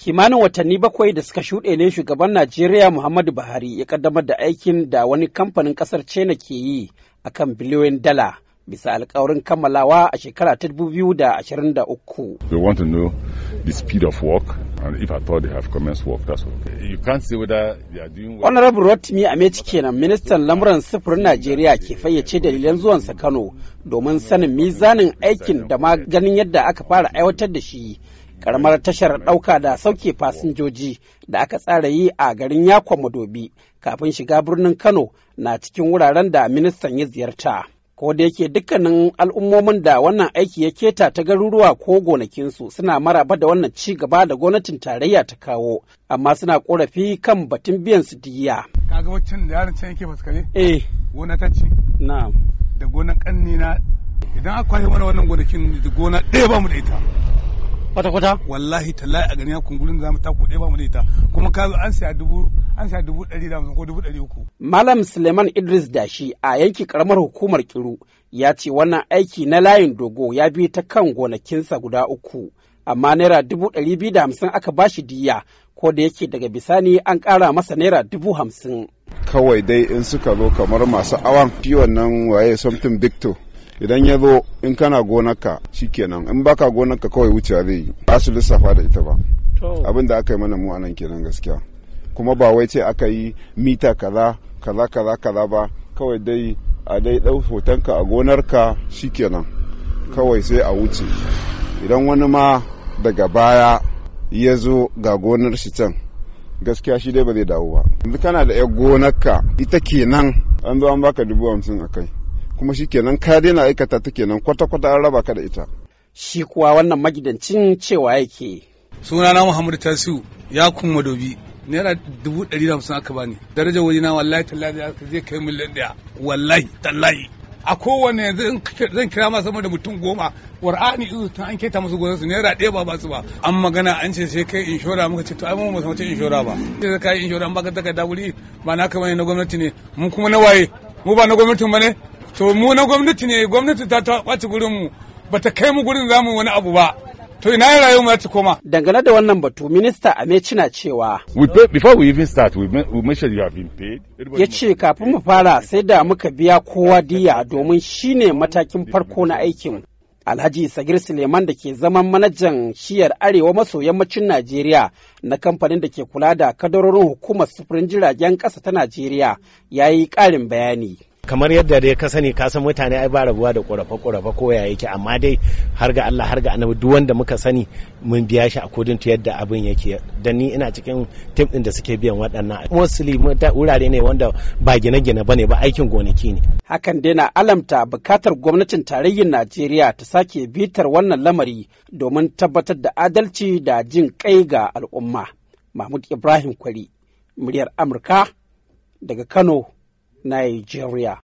Kimanin watanni bakwai da suka shuɗe ne shugaban Najeriya Muhammadu Buhari ya kaddamar da aikin da wani kamfanin ƙasar China ke yi a kan biliyoyin dala bisa alkawarin kammalawa a shekara ta 2023. We want to know the speed of work and if at all they have commenced work that's okay. You can't say whether they are doing well. Honorable Rotimi Amechi kenan ministan lamuran sufurin Najeriya ke fayyace dalilan zuwansa Kano domin sanin mizanin aikin da ma ganin yadda aka fara aiwatar da shi karamar tashar ɗauka da sauke fasinjoji da aka tsara yi a garin yakon madobi kafin shiga birnin kano na cikin wuraren da ministan ya ziyarta ko da yake dukkanin al'ummomin da wannan aiki ya keta ta garuruwa ko gonakinsu suna maraba da wannan ci gaba da gwamnatin tarayya ta kawo amma suna korafi kan batun biyan su diya kaga waccan da yaron can yake fuskare eh gona ta ce na'am da gonan kanni na idan aka kwashe mana wannan gonakin gona ɗaya ba mu da ita kwata kwata wallahi tallahi a ganin kungurin da zamu ta kuɗe ba mu da ita kuma ka zo an siya dubu an siya dubu ɗari da ko dubu ɗari uku. Malam Suleiman Idris Dashi a yanki karamar hukumar Kiru ya ce wannan aiki na layin dogo ya bi ta kan gonakinsa guda uku amma naira dubu ɗari biyu da hamsin aka bashi diya ko da yake daga bisani an ƙara masa naira dubu hamsin. Kawai dai in suka zo kamar masu awan shi wannan waye something victor idan ya zo in kana gonarka kenan in baka gonarka kawai wuce zai yi ba su lissafa da ita ba abin da aka yi mana mu anan kenan gaskiya kuma ba wai ce aka yi mita kaza kaza kaza kaza ba kawai dai a dai dau hotonka a gonarka kenan kawai sai a wuce idan wani ma daga baya ya zo ga gonar shi can gaskiya shi dai ba zai dawo ba yanzu kana da 'yar gonarka ita kenan an zo an baka dubu hamsin a kai kuma shi kenan ka daina aikata ta kenan kwata-kwata an raba ka da ita. Shi kuwa wannan magidancin cewa yake. Sunana Muhammadu Tasiu ya kun madobi naira dubu ɗari da hamsin aka bani darajar waje na wallahi tallahi zai kai miliyan ɗaya wallahi tallahi a kowane zan kira ma sama da mutum goma war'ani izu ta an keta musu gonar su naira ɗaya ba basu ba an magana an ce sai kai inshora muka ce to ai mu musamman inshora ba sai ka yi inshora an baka daga wuri ba na kamar na gwamnati ne mun kuma na waye mu ba na gwamnatin ba ne to mu na gwamnati ne gwamnati ta ta ɓaci gurin mu bata kai mu gurin zamu wani abu ba to ina mu ci koma dangane da wannan batu minista Amechi na cewa before we even start we make sure you have been paid yace kafin mu fara sai da muka biya kowa diya domin shine matakin farko na aikin Alhaji Sagir Suleiman da ke zaman manajan shiyar Arewa maso yammacin Najeriya na kamfanin da ke kula da kadarorin hukumar sufurin jiragen ƙasa ta Najeriya ya yi ƙarin bayani. kamar yadda dai ka sani ka san mutane ai ba rabuwa da ƙorafa ƙorafa ko ya yake amma dai har ga Allah har ga annabi duk wanda muka sani mun biya shi according to yadda abin yake dan ni ina cikin tim din da suke biyan waɗannan mostly wurare ne wanda ba gine-gine bane ba aikin gonaki ne hakan dai na alamta bukatar gwamnatin tarayyar Najeriya ta sake bitar wannan lamari domin tabbatar da adalci da jin kai ga al'umma Mahmud Ibrahim Kwari muryar Amurka daga Kano Nigeria